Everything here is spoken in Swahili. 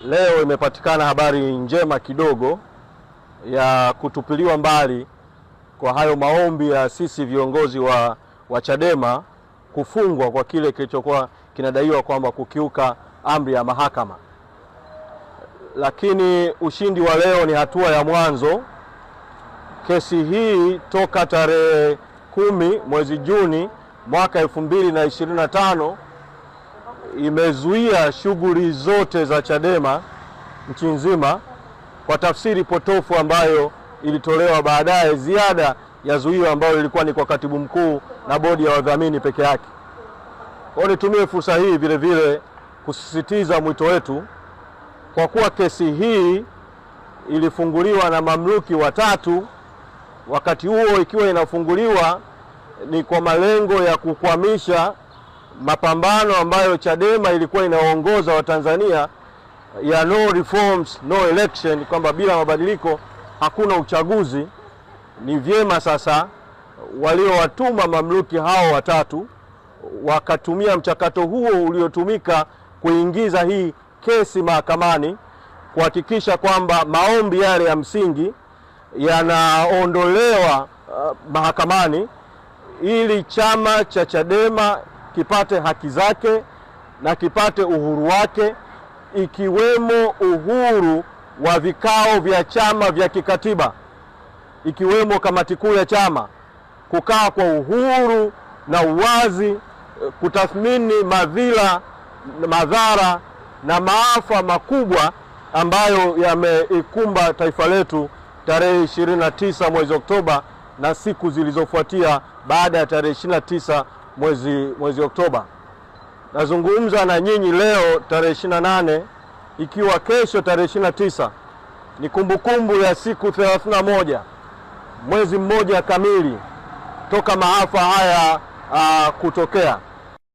Leo imepatikana habari njema kidogo ya kutupiliwa mbali kwa hayo maombi ya sisi viongozi wa, wa Chadema kufungwa kwa kile kilichokuwa kinadaiwa kwamba kukiuka amri ya mahakama. Lakini ushindi wa leo ni hatua ya mwanzo. Kesi hii toka tarehe kumi mwezi Juni mwaka elfu mbili na ishirini na tano imezuia shughuli zote za Chadema nchi nzima kwa tafsiri potofu ambayo ilitolewa baadaye, ziada ya zuio ambayo ilikuwa ni kwa katibu mkuu na bodi ya wadhamini peke yake. Kwa nitumie fursa hii vile vile kusisitiza mwito wetu kwa kuwa kesi hii ilifunguliwa na mamluki watatu, wakati huo ikiwa inafunguliwa ni kwa malengo ya kukwamisha mapambano ambayo Chadema ilikuwa inaongoza Watanzania ya no reforms no election, kwamba bila mabadiliko hakuna uchaguzi. Ni vyema sasa waliowatuma mamluki hao watatu wakatumia mchakato huo uliotumika kuingiza hii kesi mahakamani kuhakikisha kwamba maombi yale ya msingi yanaondolewa uh, mahakamani ili chama cha Chadema kipate haki zake na kipate uhuru wake, ikiwemo uhuru wa vikao vya chama vya kikatiba, ikiwemo kamati kuu ya chama kukaa kwa uhuru na uwazi eh, kutathmini madhila, madhara na maafa makubwa ambayo yameikumba taifa letu tarehe 29 mwezi Oktoba na siku zilizofuatia baada ya tarehe 29 mwezi, mwezi Oktoba. Nazungumza na nyinyi leo tarehe 28 ikiwa kesho tarehe 29 ni kumbukumbu ya siku 31 mwezi mmoja kamili toka maafa haya uh, kutokea.